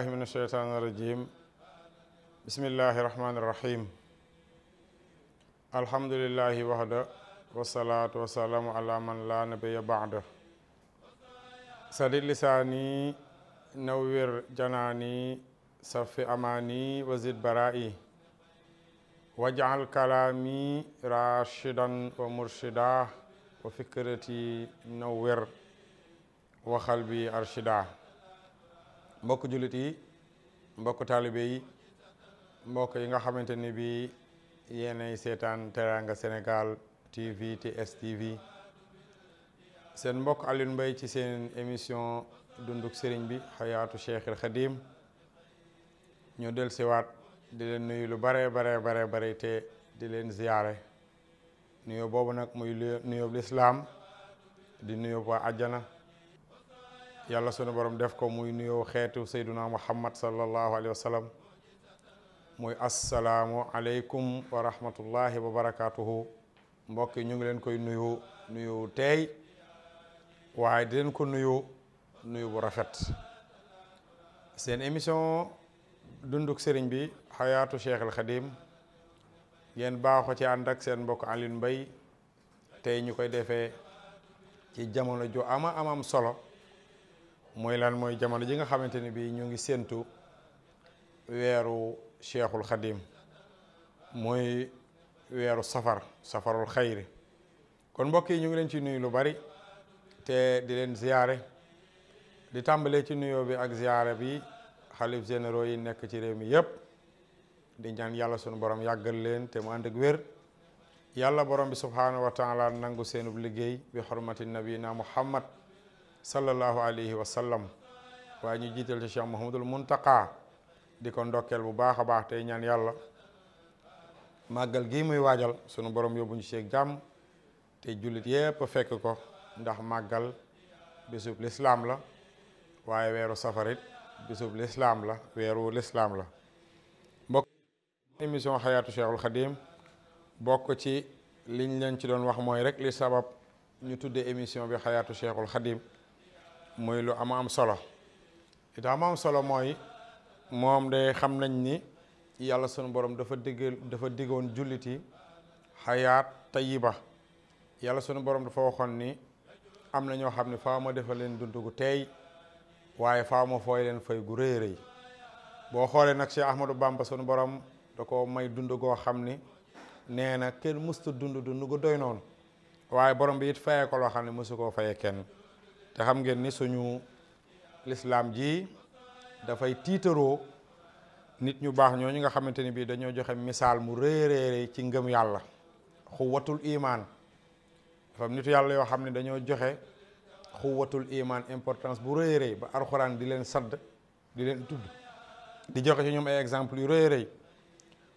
بالله من الشيطان الرجيم بسم الله الرحمن الرحيم الحمد لله وحده والصلاة والسلام على من لا نبي بعده سدد لساني نوّر جناني صف أماني وزد برائي واجعل كلامي راشدا ومرشدا وفكرتي نوّر وقلبي أرشدا mbokk jullit yi mbokk taalibe yi mbokk yi nga xamante ni bi yéenay seetaan Teranga Sénégal TV TSTV seen mbokk Alioune Mbaye ci seen émission dunduk sëriñ bi xayaatu Cheikhul Khadim ñu del siwaat di leen nuyu lu bare bare bare bare te di leen ziyaare nuyoo boobu nag muy nuyoo lislaam di nuyoo waa àjjana yàlla sunu borom def ko muy nuyoo xeetu sayduna muhammad sallallahu alayhi wa sallam muy asalaamu aleykum wa rahmatullahi wa barakaatuhu mbokk yi ñu ngi leen koy nuyu nuyu teey waaye di leen ko nuyu nuyu bu rafet seen émission dunduk sëriñ bi xayaatu cheikh al xadim ngeen baaxoo ci ànd ak seen mbokk Alioune Mbaye tey ñu koy defee ci jamono ju ama amam solo mooy lan mooy jamono ji nga xamante ne bii ñu ngi séentu weeru cheikhul xadim mooy weeru safar safarul xayri kon mbokk yi ñu ngi leen ci nuyu lu bari te di leen ziyaare di tàmbalee ci nuyoo bi ak ziyaare bi xalif généraux yi nekk ci réew mi yépp di ñaan yàlla sunu borom yàggal leen te mu ànd wér yàlla borom bi subhaanahu wa taala nangu seenub liggéey bi xormati nabina muhammad sallallahu alayhi wa waaye ñu jiital ci Cheikh Mouhamadul Muntaqa di ko ndokkeel bu baax a baax tey ñaan yàlla màggal gii muy waajal sunu borom yóbbuñu ci jàmm te jullit yépp fekk ko ndax màggal bésub lislaam la waaye weeru safarit bésub lislaam la weeru lislaam la mbokk émission xayaatu Cheikhul Khadim bokk ci liñ leen ci doon wax mooy rek li sabab ñu tuddee émission bi xayaatu Cheikhul Khadim muy lu am am solo li am am solo mooy moom de xam nañ ni yàlla sunu borom dafa digg dafa diggoon jullit yi xayaat yiba yàlla sunu borom dafa waxoon ni am na ñoo xam ne faaw ma defal leen dund gu teey waaye faaw ma fooy leen fay gu rëy rëy boo xoolee nag Cheikh Ahmadou Bamba sunu borom da koo may dund goo xam ni nee na kenn mësta dund dund gu doy noonu waaye borom bi it fayee ko loo xam ne mësu koo fayee kenn. te xam ngeen ni suñu lislaam ji dafay tiitaroo nit ñu baax ñooñu nga xamante ni bii dañoo joxe misaal mu réeréere ci ngëm yàlla xuwatul imaan dafa am nitu yàlla yoo xam ne dañoo joxe xuwatul imaan importance bu réeréy ba alxuraan di leen sadd di leen tudd di joxe ci ñoom ay exemple yu réeréy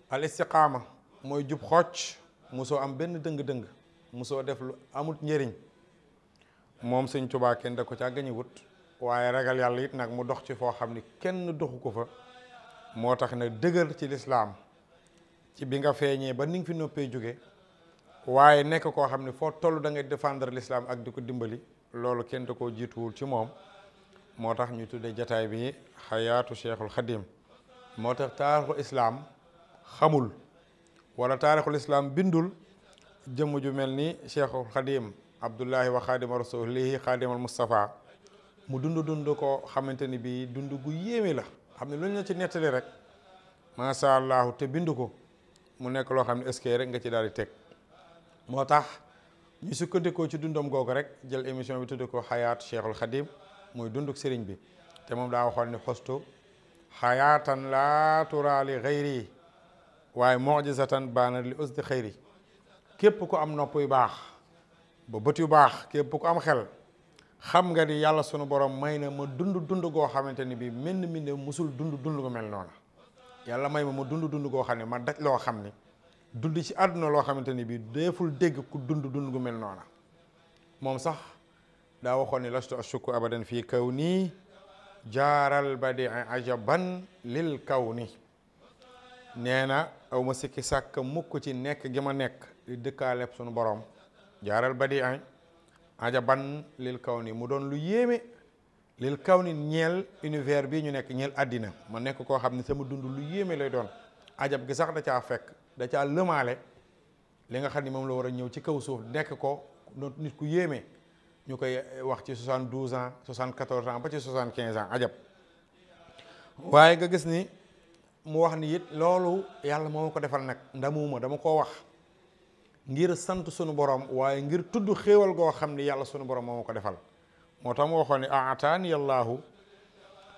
al istiqaama mooy jub xocc mosoo am benn dëng-dëng mosoo def lu amut njëriñ moom sëñ Tuubaa kenn da ko caa gañ wut waaye ragal yàlla it nag mu dox ci foo xam ni kenn doxu ko fa moo tax na dëgër ci lislaam ci bi nga feeñee ba ni fi noppee jóge waaye nekk koo xam ne foo toll da ngay défendre l'islam ak di ko dimbali loolu kenn da koo jiituwul ci moom moo tax ñu tuddee jataay bi xayaatu cheikhul xadim moo tax taarixu islam xamul wala taarixul islam bindul jëmm ju mel ni cheikhul xadim abdullahi wa xaadima rasulihi xaadimal Moustapha mu dund dund ko xamante ni bii dund gu yéeme la xam ne lu ñu la ci nettali rek macha allah te bindu ko mu nekk loo xam ne est rek nga ci daal di teg moo tax ñu sukkandikoo ci dundam googu rek jël émission bi tudd ko xayaat Cheikhul Khadim mooy dunduk sëriñ bi te moom daa waxoon ni xostu xayaatan laa turaa li xayri waaye mujizatan baana li usdi xayri képp ku am nopp baax. ba bët yu baax képp ko am xel xam nga ni yàlla sunu borom may na ma dund dund goo xamante ni bii menn mi ne musul dund dund gu mel noonu yàlla may ma ma dund dund goo xam ne ma daj loo xam ni dund ci àdduna loo xamante ni bii deeful dégg ku dund dund gu mel noonu moom sax daa waxoon ni lastu ashuku abadan fii kaw nii jaaral badi ajaban lil kaw ni nee na aw ma sikki sàkk mukk ci nekk gi ma nekk di dëkkaaleeb sunu boroom jaaral di an ajaban lil kaw ni mu doon lu yéeme lil kaw ni ñeel univers bi ñu nekk ñeel àddina ma nekk koo xam ne sama dund lu yéeme lay doon ajab gi sax da caa fekk da caa lëmaale li nga xam ni moom la war a ñëw ci kaw suuf nekk ko nit ku yéeme ñu koy eh, wax ci soixante douze ans soixante quatorze ans ba ci soixante quinze ans ajab waaye nga gis ni mu wax ni it loolu yàlla moo ko defal nag ndamuuma dama koo wax ngir sant sunu borom waaye ngir tudd xéewal goo xam ne yàlla sunu borom moo ko defal moo tax mu waxoo ni aataani allahu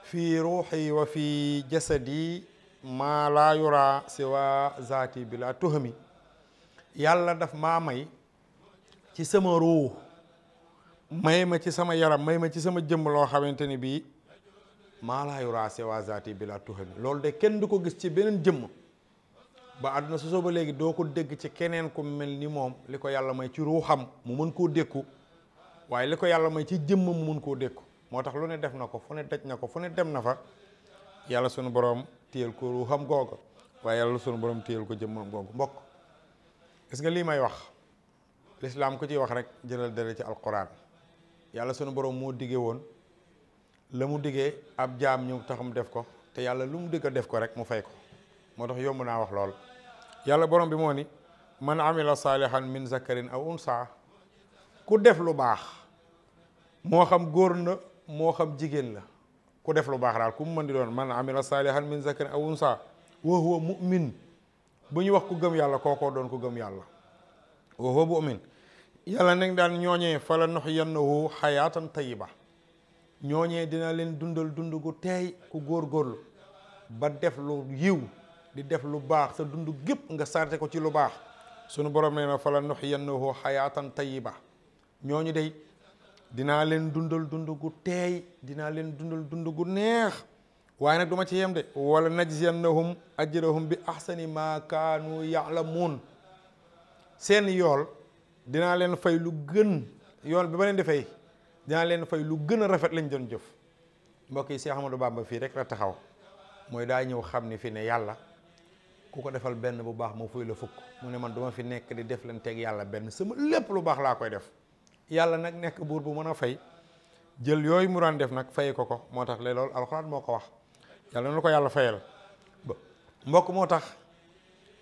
fi ruuxi wa fii jasadi maa laa yura siwa zaati bi laa tuhami yàlla daf maa may ci sama may ma ci sama yaram may ma ci sama jëmm loo xamante ni bii maa laa yura siwa zaati bi laa tuhami loolu de kenn du ko gis ci beneen jëmm ba àdduna sosoo ba léegi doo ko dégg ci keneen ku mel ni moom li ko yàlla may ci ruuxam mu mën koo dékku waaye li ko yàlla may ci jëmm mu mën koo dékku moo tax lu ne def na ko fu ne daj na ko fu ne dem na fa yàlla sunu boroom téyel ko ruuxam googa waaye yàlla sunu borom téyel ko jëmmam googu mbokk gis nga lii may wax lislaam ko ciy wax rek jëlal dara ci alxuraan yàlla sunu borom moo diggee woon la mu diggee ab jaam ñëw tax mu def ko te yàlla lu mu digg def ko rek mu fay ko moo tax yomb naa wax lool yàlla borom bi moo ni man amila saalihan min zakarin aw unsa ku def lu baax moo xam góor na jigéen la ku def lu baax daal ku mën di doon man amila saalihan min zakarin aw unsa wa mu'min bu ñu wax ku gëm yàlla koo kookoo doon ku gëm yàlla wa huwa mu'min yàlla nag daan ñooñee fala nuhyiyannahu xayaatan tayiba ñooñee dina leen dundal dund gu teey ku góor góorlu ba def lu yiw di def lu baax sa dund gépp nga sarte ko ci lu baax sunu borom nee na fa la nuxyannahu xayaatan ñoo ñu day dinaa leen dundal dund gu teey dinaa leen dundal dund gu neex waaye nag du ci yem de walla wala najziyannahum ajrahum bi ahsani ma kaanu yaalamuun seen yool dinaa leen fay lu gën yool bi ma leen di fay dinaa leen fay lu gën a rafet lañ doon jëf mbokk yi Seex Ahmadu Bamba fii rek la taxaw mooy daa ñëw xam ni fi ne yàlla ku ko defal benn bu baax moo fuy la fukk mu ne man duma fi nekk di def leen yàlla benn sama lépp lu baax laa koy def yàlla nag nekk buur bu mën a fay jël yooyu mu daan def nag faye ko ko moo tax léegi loolu alxuraan moo ko wax yàlla na ko yàlla fayal mbokk moo tax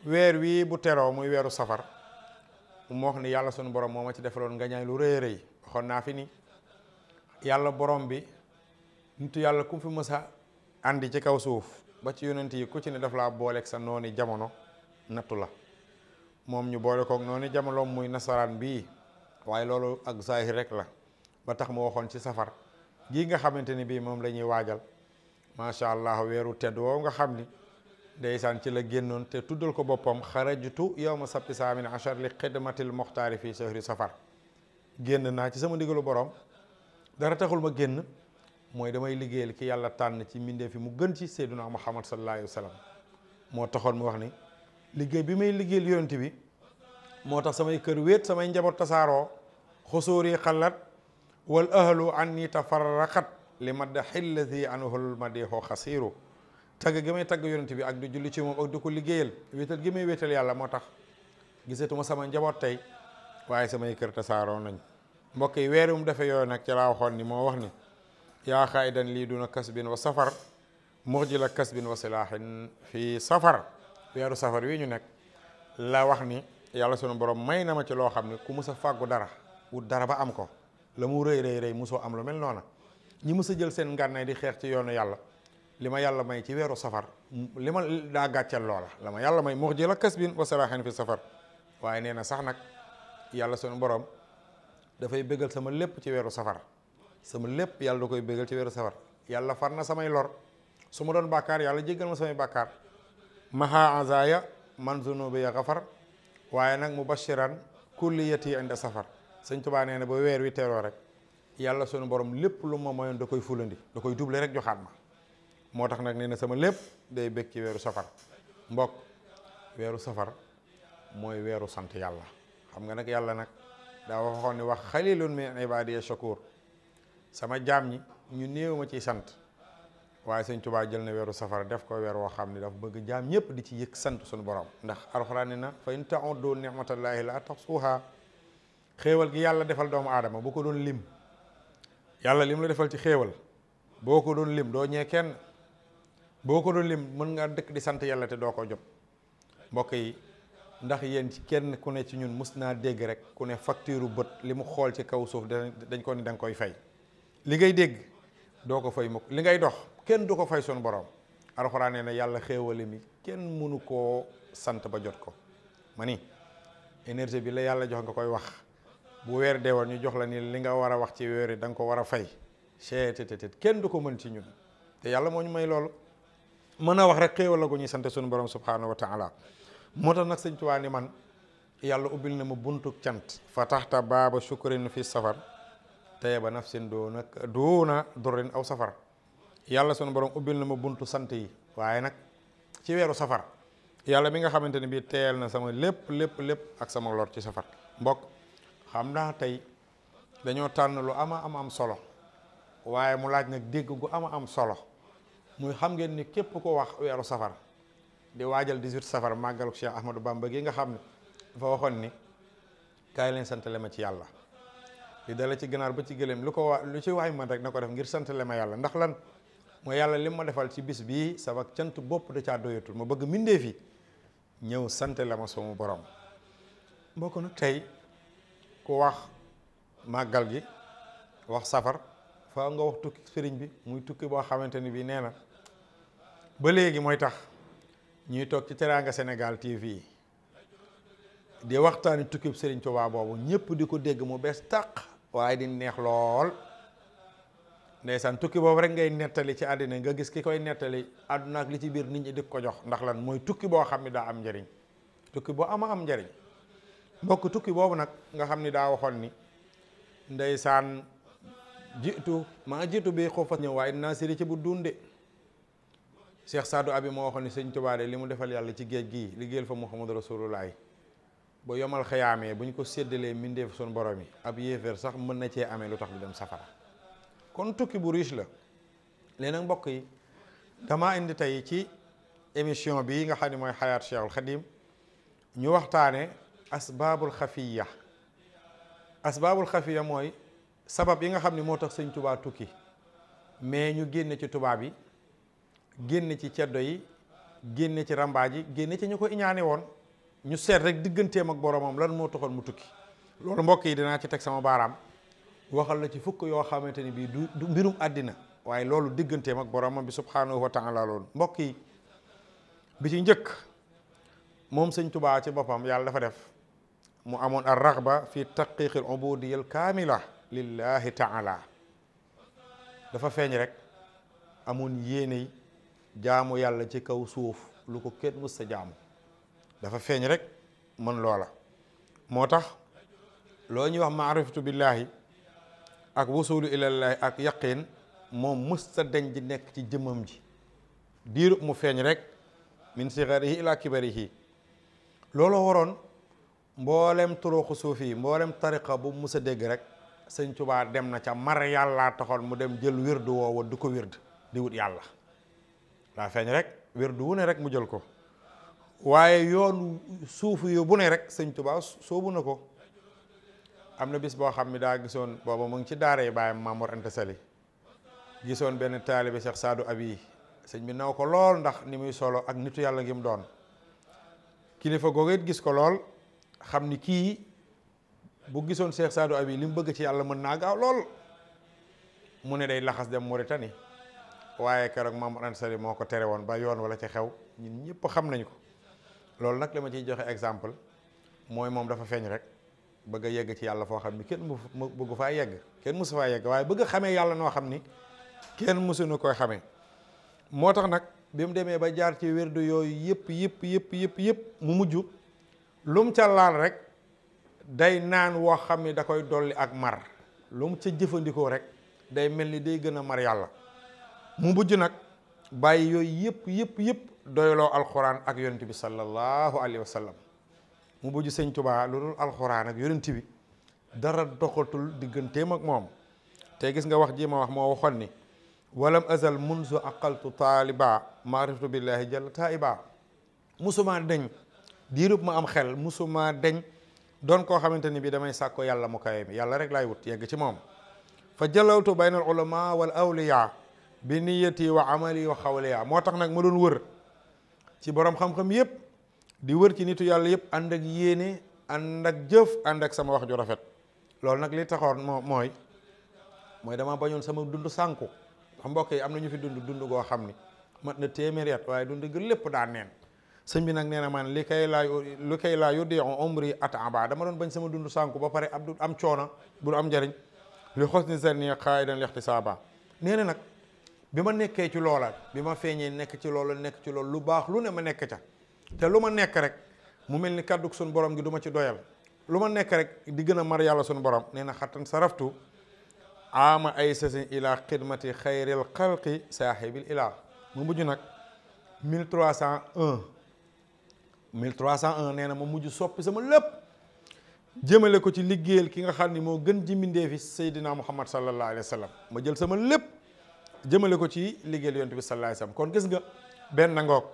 weer wii bu teroo muy weeru safar moo wax ni yàlla sunu borom moo ma ci defaloon nga ñaay lu rëy rëy waxoon naa fi nii yàlla borom bi nitu yàlla ku fi mës a andi ci kaw suuf ba ci yonent yi ku ci ne daf laa booleeg sa nooni jamono nattu la moom ñu boole koog nooni jamono muy nasaraan bii waaye loolu ak zahir rek la ba tax mu waxoon ci safar gii nga xamante ni bii moom la ñuy waajal macha allah weeru tedd woow nga xam ni ndeysaan ci la génnoon te tuddal ko boppam xarajtu yawma sabti mi achar li xidmatil moxtaari fii sahri safar génn naa ci sama ndigalu borom dara taxul ma génn mooy damay liggéeyal ki yàlla tànn ci mbindee fi mu gën ci Seyduna Muhammad sallallahu alayhi wa sallam moo taxoon mu wax ni liggéey bi may liggéeyal yonent bi moo tax samay kër wéet samay njaboot tasaaroo xusóori xalat wal ahlu anni tafarraqat li madda xillati anhul madixoo xasiiru tagg gi may tagg yonent bi ak di julli ci moom ak di ko liggéeyal wéetal gi may wéetal yàlla moo tax gisatuma sama njaboot tey waaye samay kër tasaaroo nañ mbokk yi weer wu mu defee yooyu nag ci laa waxoon ni moo wax ni yaa xaayidan lii du duna kasbin wa safar murjila kasbin wa silaahin fii safar weeru safar wii ñu nekk la wax ni yàlla sunu borom may na ma ci loo xam ne ku mus a fàggu dara wut dara ba am ko la mu rëy rëy rëy musoo am lu mel noona ñi mus jël seen ngànnaay di xeex ci yoonu yàlla li ma yàlla may ci weeru safar li ma daa gàcceel loola la ma yàlla may murjila kasbin wa silaahin fii safar waaye nee na sax nag yàlla sunu borom dafay bëggal sama lépp ci weeru safar sama lépp yàlla da koy bégal ci weeru safar yàlla far na samay lor su ma doon bàkkaar yàlla jéggal ma samay bàkkaar maha ya man zunubi ya far waaye nag mu bashiran kulliyati inda safar sëñ Tuubaa nee na ba weer wi teeroo rek yàlla sunu borom lépp lu ma da koy fulandi da koy duble rek joxaat ma moo tax nag nee na sama lépp day bég ci weeru safar mbokk weeru safar mooy weeru sant yàlla xam nga nag yàlla nag daa waxoon ni wax xalilun min ibadiya shakur sama jaam ñi ñu néew ma ciy sant waaye sëñ Tuubaa jël na weeru safara def ko weer woo xam ne dafa bëgg jaam ñëpp di ci yëg sant suñu borom ndax alxuraan ne na fa in ta'uddu ni'matallaahi laa tuhsuuhaa xéewal gi yàlla defal doomu aadama bu ko doon lim yàlla lim la defal ci xéewal boo ko doon lim doo ñee kenn boo ko doon lim mën nga dëkk di sant yàlla te doo ko jot mbokk yi ndax yéen ci kenn ku ne ci ñun mus naa dégg rek ku ne facture bët li mu xool ci kaw suuf dañ ko ni da koy fay li ngay dégg doo ko fay mukk li ngay dox kenn du ko fay sunu borom alxuraan nee na yàlla xéewale mi kenn mënu koo sant ba jot ko ma ni énergie bi la yàlla jox nga koy wax bu weer dee woon ñu jox la ni li nga war a wax ci weer yi da nga ko war a fay cheetetetet kenn du ko mën ci ñun te yàlla moo ñu may loolu mën a wax rek xéewal la gu ñuy sant sunu borom subhanahu wa taala moo tax nag sëñ Tuubaa ni man yàlla ubbil na ma buntu cant fa taxta baaba shukrin fi safar ba tayeba nafsin doona doona dorrin aw safar yàlla sunu borom ubbil na ma buntu sant yi waaye nag ci weeru safar yàlla mi nga xamante ni bii teyal na sama lépp lépp lépp ak sama lor ci safar mbokk xam naa tey dañoo tànn lu ama am am solo waaye mu laaj nag dégg gu ama am solo muy xam ngeen ni képp ko wax weeru safar di waajal 18 safar màggalu Cheikh Ahmadou Bamba gi nga xam ne dafa waxoon ni kaay leen santale ma ci yàlla li dala ci ganaar ba ci gëléem lu ko waa lu ci waay man rek na ko def ngir santale ma yàlla ndax lan mooy yàlla lim ma defal ci bis bii sabak cant bopp da caa doyatul ma bëgg mindee fi ñëw sante la ma sama borom mbokk nag tey ku wax màggal gi wax safar faa nga wax tukki sëriñ bi muy tukki boo xamante ni bii nee na ba léegi mooy tax ñuy toog ci Teranga senegal TV yi di waxtaani tukkib sëriñ Tuubaa boobu ñëpp di ko dégg mu bees tàq waaye di neex lool ndeysaan tukki boobu rek ngay nettali ci àddina nga gis ki koy nettali àdduna ak li ci biir nit ñi di ko jox ndax lan mooy tukki boo xam ne daa am njariñ tukki boo ama am njariñ mbokk tukki boobu nag nga xam ni daa waxoon ni ndeysaan jitu maa jiitu bi xuufas ñëw waaye dinaa siri ci bu dunde Cheikh Sadou Abi moo waxoon ni sëñ Tuubaa de li mu defal yàlla ci géej gii liggéeyal fa Muhammadu Rasulullaahi ba yomal xayaamee bu ñu ko séddalee mbindeef suñu borom yi ab yéeféer sax mën na cee amee lu tax du dem safara kon tukki bu riche la léegi nag mbokk yi dama indi tey ci émission bi nga xam ne mooy xayaat Cheikhul Khadim ñu waxtaane asbaabul xafiya asbaabul xafiya mooy sabab yi nga xam ne moo tax sëñ tubaa tukki mais ñu génn ci tubaab yi génn ci ceddo yi génn ci ràmbaaj yi génn ci ñu ko iñaane woon ñu seet rek digganteem ak boromam lan moo taxoon mu tukki loolu mbokk yi dinaa ci teg sama baaraam waxal la ci fukk yoo xamante ni bii du du mbirum àddina waaye loolu digganteem ak boromam bi subhaanahu wa taala loolu mbokk yi bi ci njëkk moom sëñ tubaa ci boppam yàlla dafa def mu amoon ar raxba fi taqiqi al ubudiya al kaamila lillahi taala dafa feeñ rek amoon yéene jaamu yàlla ci kaw suuf lu ko kenn mës sa jaamu dafa feeñ rek mën loola moo tax loo ñuy wax maarifatu billaahi ak wusulu ilallaahi ak yaqin moom mësta dañ di nekk ci jëmmam ji diiru mu feeñ rek min sigarihi yi kibarihi looloo waroon mboolem turuqu suufi yi mboolem tariqa bu musa dégg rek sëñ Tubaa dem na ca mar yàllaa taxoon mu dem jël wirdu woowa du ko wird di wut yàlla daa feeñ rek wirdu wu ne rek mu jël ko waaye yoonu suufu yu bu ne rek sëñ Tuubaa soobu na ko am na bis boo xam ne daa gisoon booba mu ngi ci daaree baayam Mamour Anta Sali gisoon benn taalibe Cheikh Sadou Abi sëñ bi naw ko lool ndax ni muy solo ak nitu yàlla ngi mu doon kilifa googu it gis ko lool xam ni kii bu gisoon Cheikh Sadou Abi li mu bëgg ci yàlla mën naa gaaw lool mu ne day laxas dem Mauritanie waaye keroog Mamour Anta Sali moo ko tere woon ba yoon wala ci xew ñun ñëpp xam nañ ko. loolu nag li ma ciy joxe exemple mooy moom dafa feeñ rek bëgg a yegg ci yàlla foo xam ni kenn mu bëgg faa yegg kenn mosu yegg waaye bëgg xamee yàlla noo xam ni kenn mosuñu koy xamee moo tax nag bi mu demee ba jaar ci wérdu yooyu yëpp yëpp yëpp yëpp yëpp mu mujj lu mu ca laal rek day naan woo xam ni da koy dolli ak mar lu mu ca jëfandikoo rek day mel ni day gën a mar yàlla mu mujj nag bàyyi yooyu yëpp yëpp yëpp doyloo alxuraan ak yonent bi sallallahu alayhi wa sallam mu bujj sëñ tubaa lu dul alxuraan ak yonent bi dara doxatul digganteem ak moom te gis nga wax ji ma wax moo waxoon ni walam azal munzu aqaltu taaliba maariftu billaahi jalla taiba musumaa deñ diirub ma am xel musumaa deñ doon koo xamante ni bi damay sàkko yàlla mu kawe yàlla rek laay wut yegg ci moom fa jalawtu bayna al ulama wal awliya bi niyati wa amali wa xawliya moo tax nag ma doon wër ci boroom xam-xam yëpp di wër ci nitu yàlla yëpp ànd ak yéene ànd ak jëf ànd ak sama wax ju rafet loolu nag li taxoon moo mooy mooy dama bañoon sama dund sànku xam mbokk yi am na ñu fi dund dund goo xam ni mat na téeméeri at waaye dund gi lépp daa neen sëñ bi nag nee na man li kay laa li kay laa yuddi umri at aba dama doon bañ sama dund sànku ba pare ab du am coona bu am njariñ li xos ni seen xaay dañ lexti saaba nee na nag bi ma nekkee ci loola bi ma feeñee nekk ci loola nekk ci loolu lu baax lu ne ma nekk ca te lu ma nekk rek mu mel ni kàddu suñu borom gi duma ci doyal lu ma nekk rek di gën a mar yàlla suñu borom nee na xattan saraftu ama ay sasin ila xidmati xayril xalqi saaxibil ilaa mu mujj nag 1301 1301 nee na ma mujj soppi sama lépp jëmale ko ci liggéeyal ki nga xam ni moo gën ji mbindee fi Seydina Muhammad sallallahu alayhi ma jël sama lépp jëmale ko ci liggéeyal yonent bi sallallahu alayhi kon gis nga benn ngoog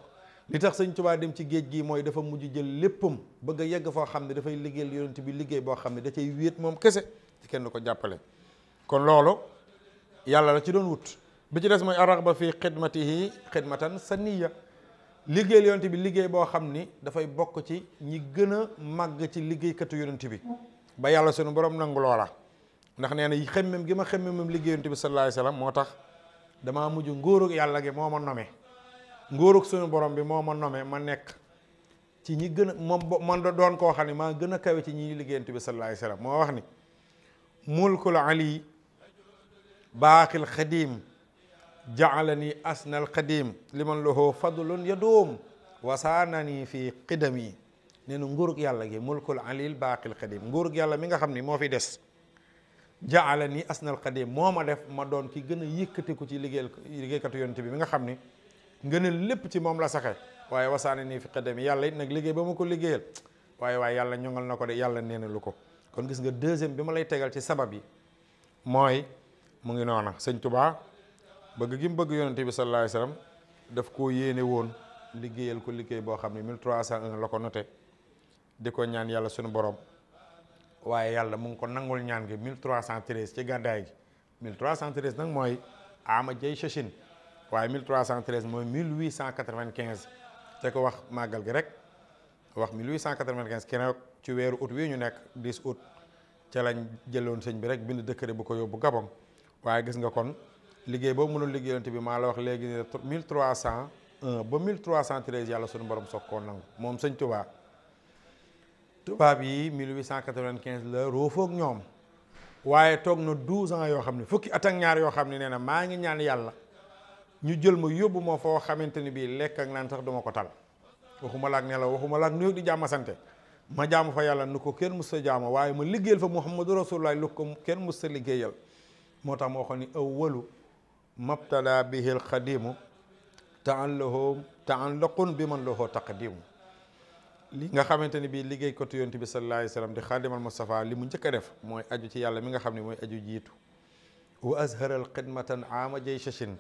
li tax sëñ Tuubaa dem ci géej gi mooy dafa mujj jël léppam bëgg a yegg foo xam ne dafay liggéeyal yonent bi liggéey boo xam ne da cay wéet moom kese ci kenn ko jàppale kon loolu yàlla la ci doon wut bi ci des mooy araxba fii xidmatihi xidmatan saniya liggéeyal yonent bi liggéey boo xam ni dafay bokk ci ñi gën a màgg ci liggéeykatu yonent bi ba yàlla sunu borom nangu loola ndax nee na xemmem gi ma xemmemam liggéey yonent bi sallallahu alayhi wasallam moo tax dama mujj nguurug yàlla gi moo ma nome nguurug suñu borom bi moo ma nome ma nekk ci ñi gën a moom man doon koo xam ne maa gën a kawe ci ñi liggéeyante bi sallallahu alayhi moo wax ni mulkul ali baaxil xadiim jaalani asnal xadiim liman lahu fadlun yadoom wasaanani fi qidami nee na nguurug yàlla gi mulkul alil baaxil xadiim nguurug yàlla mi nga xam ni moo fi des jaala ni asnal xadim moo ma def ma doon ki gën a ko ci liggéeyal liggéeykatu yonent bi mi nga xam ni ngën lépp ci moom la saxe waaye wasaane nii fi xadami yàlla it nag liggéey ba ma ko liggéeyal waaye waaye yàlla ñongal na ko de yàlla nee na lu ko kon gis nga deuxième bi ma lay tegal ci sabab yi mooy mu ngi noona sëñ Tuubaa bëgg gi mu bëgg yonent bi sallallahu alayhi wasallam daf koo yéene woon liggéeyal ko liggéey boo xam ne 1301 la ko noté di ko ñaan yàlla suñu borom waaye yàlla mu ngi ko nangul ñaan gi 1313 ci gàddaay gi 1313 nag mooy ama jay chachine waaye 1313 mooy 1895 te ko wax màggal gi rek wax 1895 keroog ci weeru août wi ñu nekk 10 août ca lañ jëloon sëñ bi rek bind décret bu ko yóbbu Gabon waaye gis nga kon liggéey boobu mënoon liggéeyante bi maa la wax léegi ne 1301 ba 1313 yàlla sunu borom soog koo nangu moom sëñ Tuubaa tubaab yi 1895 la roofoog ñoom waaye toog na 12 ans yoo xam ne fukki at ak ñaar yoo xam ne nee na maa ngi ñaan yàlla ñu jël ma yóbbu ma foo xamante ni bii lekk ak naan sax duma ko tal waxuma laak nelaw waxuma laak nuyu di jàmma sante ma jàmm fa yàlla nu ko kenn mu sa jaama waaye ma liggéeyal fa muhammadu rasulullah lu ko kenn mu sa liggéeyal moo tax ma waxoon ni awwalu mabtada bihi alxadimu taan lahoo taan laqun bi man lahoo taqdimu li nga xamante ni bii liggéey côté yonent bi sallallahu alayhi wa sallam di xaadimal Mustafa li mu njëkk a def mooy aju ci yàlla mi nga wa azharal xidmatan ama jay shashin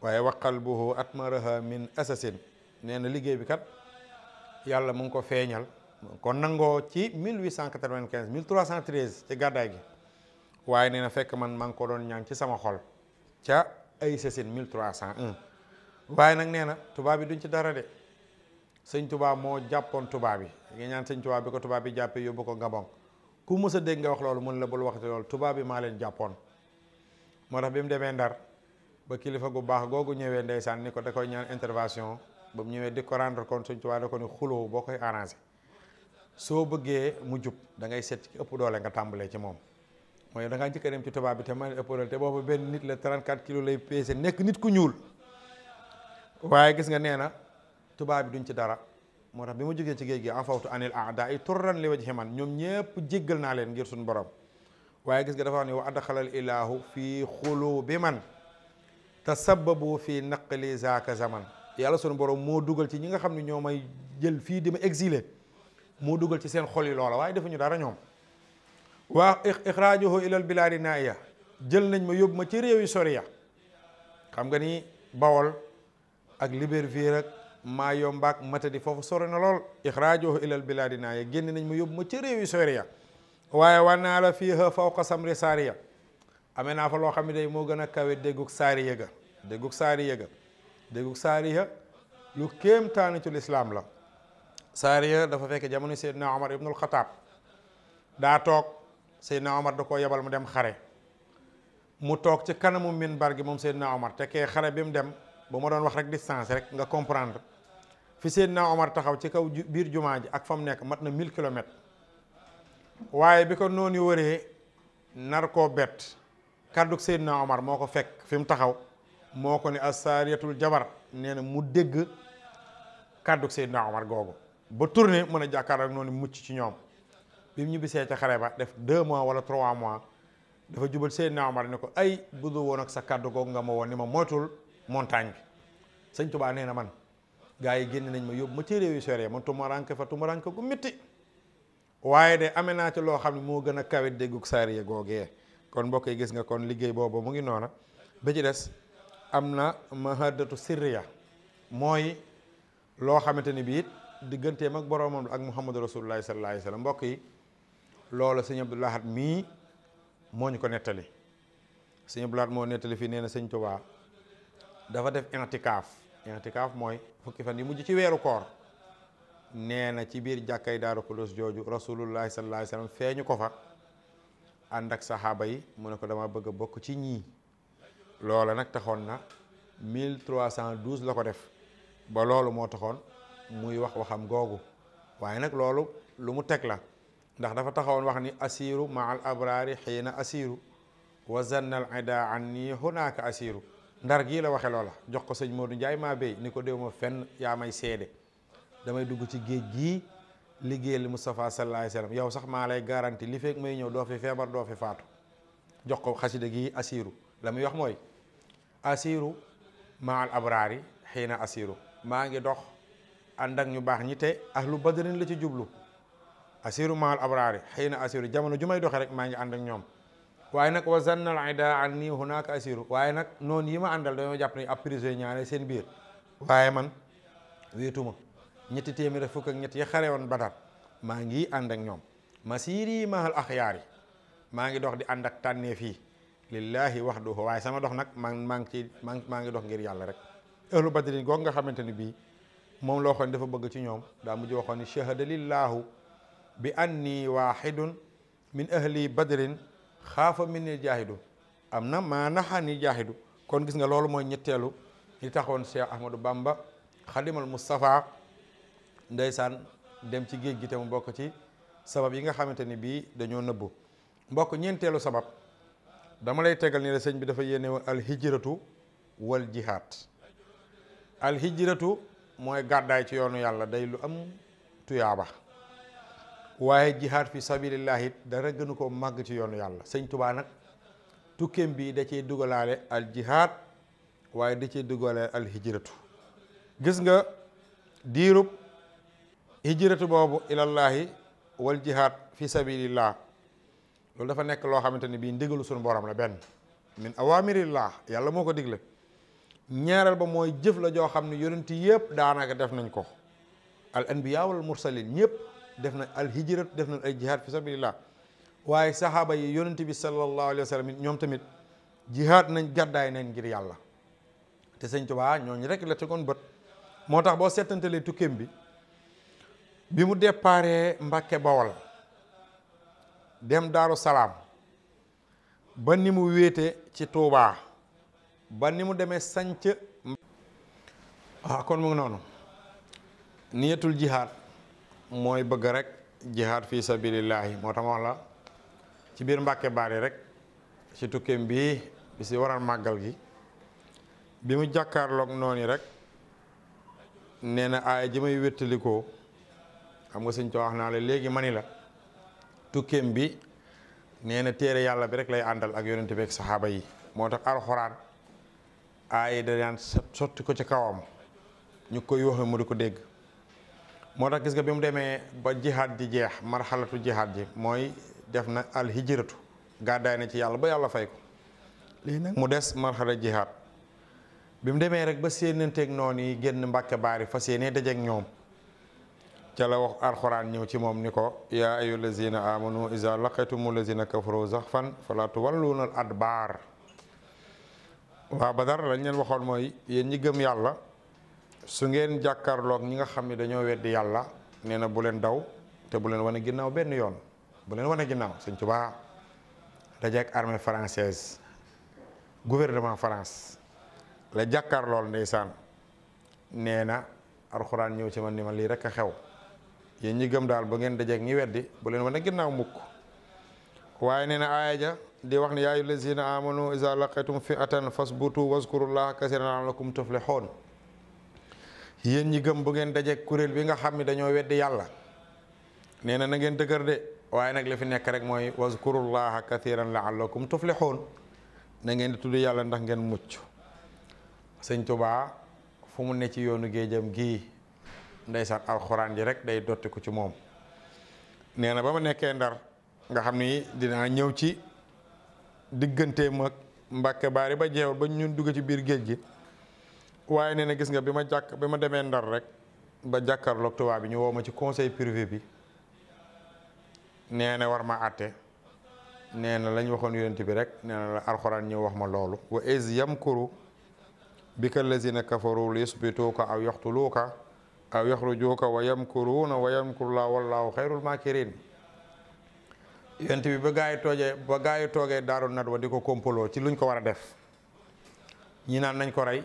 waaye waqal buhu atmaraha min asasin nee na liggéey bi kat yàlla mu ngi ko feeñal kon nangoo ci 1895 1313 ci gàddaay gi waaye nee na fekk man maa ngi ko doon ñaan ci sama xol ca ay sasin 1301 waaye nag nee tubaab bi duñ ci dara de sëñ tubaab moo jàppoon tubaab bi nga ñaan sëñ tubaab bi ko tubaab bi jàppee yóbbu ko Gabon ku mës a dégg nga wax loolu mun la bul waxte loolu tubaab bi maa leen jàppoon moo tax bi mu demee ndar ba kilifa gu baax googu ñëwee ndeysaan ni ko da koy ñaan intervention ba mu ñëwee di ko rendre kon sëñ tubaa da ko ni xuloo boo koy arrangé soo bëggee mu jub da ngay seet ci ëpp doole nga tàmbalee ci moom mooy da ngaa njëkk a dem ci tubaab bi te ma ëpp boobu benn nit la 34 kilos lay peese nekk nit ku ñuul nee na tubaab bi duñ ci dara moo tax bi ma jógee ci géej gi afawtu anil aada yi turran li wajhi man ñoom ñépp jéggal naa leen ngir suñu borom waaye gis nga dafa wax ne wa adxalal ilaahu fii xulubi man tasababu fii naqli zaaka zaman yàlla sunu borom moo dugal ci ñi nga xam ne ñoo may jël fii di ma exilé moo dugal ci seen xol yi loola waaye defuñu dara ñoom waa ixraajuhu ilal bilaadi naaya jël nañ ma yóbbu ma ci réew yi sori ya xam nga ni Bawol ak Libreville ak maa yombaak matadi foofu sori na lool ixraajuhu ilal bilaadi naaya génne nañ ma yóbbu ma ca réew yi sori ya waaye wànnaa la fiiha fawqa samri saariya amee naa fa loo xam ne day moo gën a kawe déggug saariya ga déggug saariya ga déggug saariya lu kéem taanu ci lislaam la saariya dafa fekk jamono Seydina Omar ibnul Xataab daa toog Seydina Omar da ko yebal mu dem xare mu toog ci kanamu minbar gi moom Seydina Omar te kee xare bi mu dem ba ma doon wax rek distance rek nga comprendre fi Seydina Omar taxaw ci kaw biir jumaa ji ak fa mu nekk mat na 1000 kilomètres waaye bi ko noonu wëree nar koo bett kàddug Seydina Omar moo ko fekk fi mu taxaw moo ko ne asaariyatul jabar nee na mu dégg kàddug Seydina Omar googu ba tourné mën a jàkkaar ak noonu mucc ci ñoom bi mu ñibbisee ca xare ba def 2 mois wala 3 mois dafa jubal Seydina Omar ne ko ay budu woon ak sa kàddu googu nga ma woon ni ma moytul montagne bi sëñ Tuubaa nee na man gaa yi génn nañ ma yóbbu ma ci réew yu sore man tumaranke fa tumaranke gu métti waaye de amee naa loo xam ne moo gën a kawe déggu saariya googee kon mbokk gis nga kon liggéey boobu mu ngi noona ba ci des am na mahadatu sirriya mooy loo xamante ni bii it digganteem ak boroomam ak muhammadu rasulullahi sallallahu alayhi wa mbokk yi loola sëñ Abdou Lahad mii moo ñu ko nettali sëñ Abdou Lahad moo nettali fii nee na sëñ Tuubaa dafa def intikaaf i'tikaaf mooy fukki fan yi mujj ci weeru koor nee na ci biir jàkkay daaru Xudoos jooju rasulullahi sallallahu alayhi wasallam feeñu ko fa ànd ak saxaaba yi mu ne ko dama bëgg a bokk ci ñii loola nag taxoon na 1312 la ko def ba loolu moo taxoon muy wax waxam googu waaye nag loolu lu mu teg la ndax dafa taxawoon wax ni asiru ma al abraari xiina asiru wa zanna al ida anni hunaaka ndar gii la waxe loola jox ko sëñ Modou Ndiaye maa béy ni ko déw ma fenn yaa may seede damay dugg ci géej gii liggéeyal Moustapha sallallahu alayhi yow sax maa lay garanti li fekk may ñëw doo fi feebar doo fi faatu jox ko xasida gii asiru la muy wax mooy asiru maal abraari xiina asiru maa ngi dox ànd ak ñu baax ñi te ahlu badrin la ci jublu asiru maal abraari xiina asiru jamono ju may doxe rek maa ngi ànd ak ñoom waaye nag wa zannal ida an nii hunaka waaye nag noon yi ma àndal dañoo jàpp ne ab prisonnier ñaare seen biir waaye man wéetuma ñetti téeméer fukk ak ñett yi xare woon badar maa ngi ànd ak ñoom masiri mahal axyaar yi maa ngi dox di ànd ak tànneef wax lillahi wahdahu waaye sama dox nag maa maa ngi ci maa ngi dox ngir yàlla rek ahlu badrin goog nga xamante ni bii moom la waxoon dafa bëgg ci ñoom daa mujj waxoon ni shahada lillahu bi anni wahidun min xaafa min ni jaahidu am na maa naxa ni jaahidu kon gis nga loolu mooy ñetteelu li taxoon Cheikh Ahmadou Bamba xadimal Moustapha ndeysaan dem ci géej gi te mu bokk ci sabab yi nga xamante ni bii dañoo nëbbu mbokk ñeenteelu sabab dama lay tegal ni la sëñ bi dafa yéene woon alhijratu wal jihaad alhijratu mooy gàddaay ci yoonu yàlla day lu am tuyaaba waaye jihaad fi sabilillah it dara gënu ko màgg ci yoonu yàlla sëñ tubaa nag tukkeem bi da cee dugalaale al jihaad waaye da cee dugalaale al hijratu gis nga diirub hijratu boobu ilallahi wal jihaad fi sabilillah loolu dafa nekk loo xamante ni bii ndigalu suñu borom la benn min awamirillah yàlla moo ko digle ñaareel ba mooy jëf la joo xam ne yonent yëpp daanaka def nañ ko al anbiya wal mursalin ñëpp def nañ al hijrat def nañ ay jihaad fi sabilillah waaye saxaaba yi yonente bi sallallahu alayhi wa sallam ñoom tamit jihaad nañ gàddaay nañ ngir yàlla te sëñ Tuubaa ñooñu rek la tegoon bët moo tax boo seetantalee tukkeem bi bi mu déparee Mbàkke Bawol dem Daaru Salaam ba ni mu wéete ci Tuubaa ba ni mu demee sanc ah kon mu ngi noonu niyatul jihaad mooy bëgg rek jihaad fi sabilillahi moo tax ma wax la ci biir Mbàkke Baari rek ci tukkeem bi bi si waral màggal gi bi mu jàkkaarloog noonu rek nee na aaya ji may wéttalikoo xam nga sëñ ci wax naa la léegi mani la tukkeem bi nee na téere yàlla bi rek lay àndal ak yonente bi ak saxaaba yi moo tax alxuraan aaya da daan sotti ko ci kawam ñu koy waxe mu di ko dégg moo tax gis nga bi mu demee ba jihaad ji jeex marxalatu jihaad ji mooy def na alhijratu gàddaay na ci yàlla ba yàlla fay ko lii nag mu des marxala jihaad bi mu demee rek ba séenanteeg noonu yi génn mbàkke baari fa yéenee dajeeg ñoom ca la wax alxuraan ñëw ci moom ni ko yaa ayu lazina amanu iza laqaytumu lazina kafaru zaxfan fala tuwalluuna al adbaar waa Badar lañ leen waxoon mooy yéen ñi gëm yàlla su ngeen jàkkaarloog ñi nga xam ne dañoo weddi yàlla nee na bu leen daw te bu leen wane ginnaaw benn yoon bu leen wane ginnaaw sëñ Tuubaa daje ak armée française gouvernement France la jàkkaarlool ndeysaan nee na alxuraan ñëw ci man ni ma lii rek a xew yéen ñi gëm daal bu ngeen dajeeg ñi weddi bu leen wane ginnaaw mukk waaye nee na aaya ja di wax ne yaayu lazina amanu laa laqaytum fi'atan fasbutu wazkurullaha kasiran la'allakum tuflihun yéen ñi gëm bu ngeen dajeeg kuréel bi nga xam ni dañoo wedd yàlla nee na na ngeen dëgër de waaye nag li fi nekk rek mooy wazkurullaha kathiran laallakum tuflihun na ngeen di tudd yàlla ndax ngeen mucc sëñ Tubaa fu mu ne ci yoonu géejam gii ndeysaan alxuraan ji rek day dotti ko ci moom nee na ba ma nekkee ndar nga xam ni dinaa ñëw ci digganteem ak Mbàkke Baari ba jeewal ba ñun dugg ci biir géej gi waaye nee na gis nga bi ma jàkk bi ma demee ndar rek ba jàkkaarloog tubaab bi ñu woo ma ci conseil privé bi nee na war ma àtte nee na lañ waxoon yonent bi rek nee na la alxuraan ñëw wax ma loolu wa bi yamkuru bika lazina kafaru li yusbituuka aw yaxtuluuka aw yaxrujuuka wa yamkuruuna wa yamkurullaahu wallaahu xayrul maakirin yonent bi ba gaa yi toogee ba gaa yi toogee daaru nadwa di ko kompaloo ci luñ ko war a def ñi naan nañ ko rey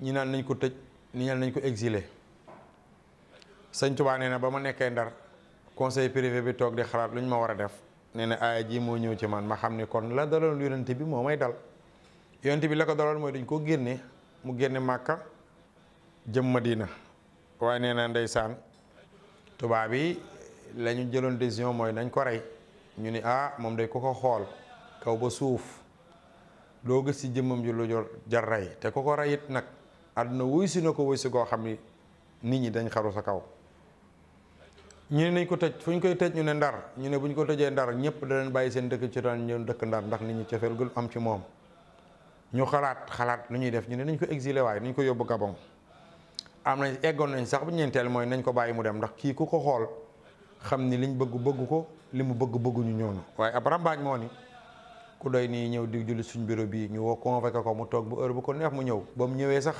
ñi naan nañ ko tëj ñi naan nañ ko exilé sëñ Tuubaa na ba ma nekkee ndar conseil privé bi toog di xalaat lu ma war a def nee na aaya moo ñëw ci man ma xam ni kon la daloon yonent bi moo may dal yonent bi la daloon mooy dañ ko génne mu génne màkka jëm Madina waaye nee na ndeysaan tubaab yi lañu ñu jëloon décision mooy nañ ko rey ñu ni ah moom day ko ko xool kaw ba suuf loo gis ci jëmmam ji lu jar rey te ko ko rey it nag àdduna wuy si na ko wuy koo xam ni nit ñi dañ xaru sa kaw ñu ne nañ ko tëj fu ñu koy tëj ñu ne ndar ñu ne bu ñu ko tëjee ndar ñëpp da bàyyi seen dëkk ci daan ñëw dëkk ndar ndax nit ñi cofeel gul am ci moom ñu xalaat xalaat nu ñuy def ñu ne nañ ko exilé waaye nañ ko yóbbu Gabon am nañ eggoon nañ sax bu ñeenteel mooy nañ ko bàyyi mu dem ndax kii ku ko xool xam ni liñ bëgg bëgg ko li mu bëgg bëgguñu ñoonu waaye ab ràmbaaj moo ni ku doy nii ñëw di julli suñ bureau bii ñu woo convoqué ko mu toog bu heure ko neex mu ñëw ba sax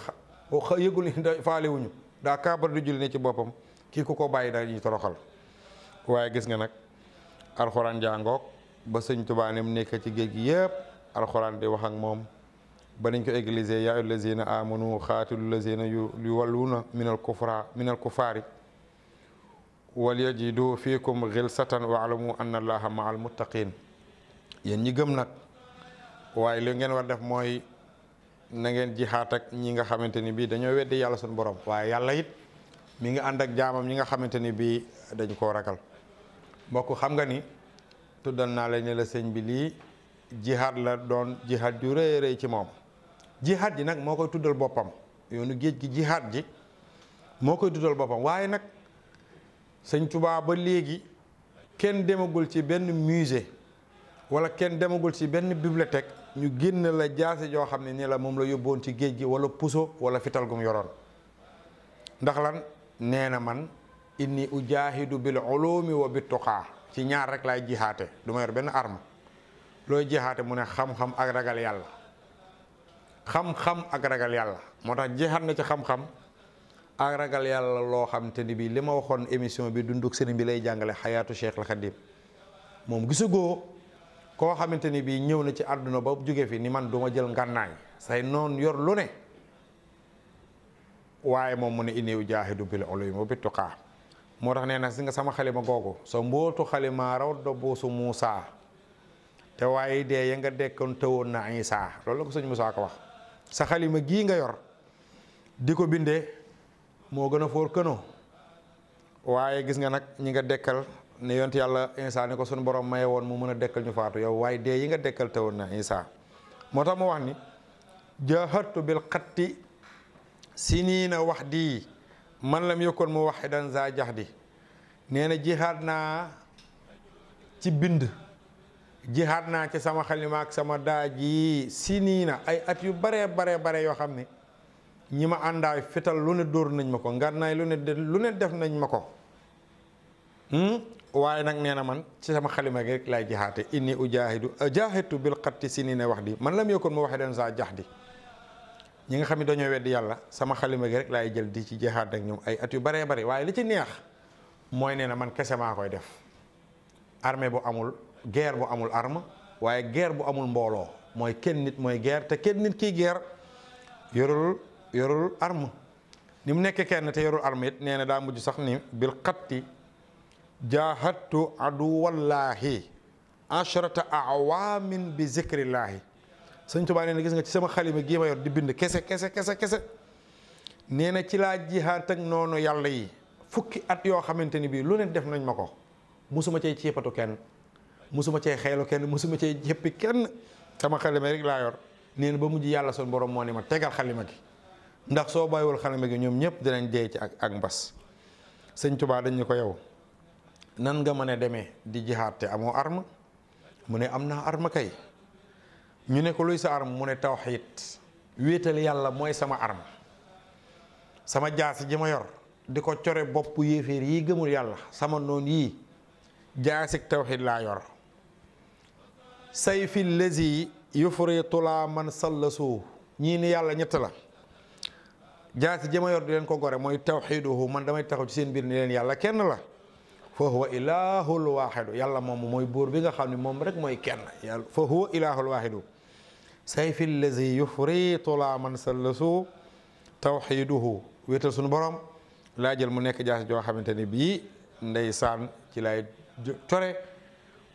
yëgul faale wuñu daa kaabar du julli ne ci boppam kii ku ko bàyyi daal ñu toroxal waaye gis nga nag alxuraan jàngoog ba sëñ Tuubaa mu nekk ci géej gi yëpp alxuraan di wax ak moom ba nañ ko égliser yaa la lazina amanu xaatilu lazina yuwalluna minal kufra minal kufaari wal yajidu fiikum xilsatan waalamu anna allaha maal muttaqin yéen ñi gëm nag waaye li ngeen war def mooy na ngeen jihaat ak ñi nga xamante ni bii dañoo weddi yàlla suñu borom waaye yàlla it mi ngi ànd ak jaamam ñi nga xamante ni bii dañ koo ragal mbokk xam nga ni tuddal naa la ne la sëñ bi lii jihaat la doon jihaat ju rëy rëy ci moom jihaat ji nag moo koy tuddal boppam yoonu géej gi jihaat ji moo koy tuddal boppam waaye nag sëñ Tuubaa ba léegi kenn demagul ci benn musée wala kenn demagul ci benn bibliothèque ñu génn la jaase joo xam ne nii la moom la yóbboon ci géej gi wala puso wala fital gum yoroon ndax lan nee na man inni ujaahidu bil ulumi wa bit tuqaa ci ñaar rek laay jihaate du ma yor benn arme looy jihaate mu ne xam-xam ak ragal yàlla xam-xam ak ragal yàlla moo tax jihaat na ci xam-xam ak ragal yàlla loo xam te ni bii li ma waxoon émission bi dunduk sëriñ bi lay jàngale xayaatu Cheikh al moom gisagoo koo xamante ni bii ñëw na ci àdduna ba jóge fi ni man du jël ngànnaay say noon yor lu ne waaye moom mu ne inni ujaahidu bil ulumi wa bit tuqaa moo tax nee na si nga sama xalima googu sa mbootu xalima raw dobu su muusaa te waaye dee ya nga dekkoon tëwoon na Isa loolu la ko sëñ Muusa ko wax sa xalima gii nga yor di ko bindee moo gën a foor kënoo waaye gis nga nag ñi nga dekkal ne yont yàlla Isa ne ko sunu borom maye woon mu mën a dekkal ñu faatu yow waaye dee yi nga dekkal te woon na Isa moo tax mu wax ni jaahattu bil xatti na wax di man lam yokkoon mu waxe dan za jax di nee na jihaat naa ci bind jihaat naa ci sama xalima ak sama daaj yi na ay at yu baree baree bare yoo xam ne ñi ma àndaay fital lu ne dóor nañ ma ko ngannaay lu lu ne def nañ ma ko Hmm? waaye nag nee na man ci sama xalima gi rek laay jihaate indi ujaahidu eh, jaahitu bil xatti si nii ne wax di man lam yokkoon mu waxee den saa jax di ñi nga xam ne dañoo weddi yàlla sama xalima gi rek laay jël di ci jihaat ak ñoom ay at yu baree bari waaye li ci neex mooy nee na man kese maa koy def arme bu amul guerre bu amul arme waaye guerre bu amul mbooloo mooy kenn nit mooy guerre te kenn nit kii guerre yorul yorul arme ni mu nekk kenn te yorul arme it nee na daa mujj sax ni bil jahadtu aduwallahi ashrata awamin bi zikrillahi sëñ Tuubaa nee na gis nga ci sama xalima gii ma yor di bind kese kese kese kese nee na ci laa jihaat ak noonu yàlla yi fukki at yoo xamante ni bii lu ne def nañ ma ko musuma ci ciipatu kenn musuma cay xeelu kenn musuma cay jéppi kenn sama xalima rek laa yor nee na ba mujj yàlla son borom moo ne ma tegal xalima gi ndax soo bàyyiwul xalima gi ñoom ñëpp dinañ dee ci ak ak mbas sëñ Tuubaa dañ ko yow nan nga mën a demee di jihaad te amoo arme mu ne am naa arme kay ñu ne ko luy sa arme mu ne tawxiit wéetal yàlla mooy sama arme sama jaasi ji ma yor di ko core bopp yéeféer yi gëmul yàlla sama noon yii jaasig tawxiit laa yor sayfi lazi yufritu laa man sallasu ñii ni yàlla ñett la jaasi ji ma yor di leen ko gore mooy tawxiiduhu man damay taxaw ci seen biir ni leen yàlla kenn la fa huwa ilaahul waaxidu yàlla moom mooy buur bi nga xam ne moom rek mooy kenn yàlla fa huwa ilaahul waaxidu sayfi lazi yufri tula man sallasu tawxiduhu wéetal suñu borom laa jël mu nekk jaas joo xamante ni bii ndeysaan ci lay core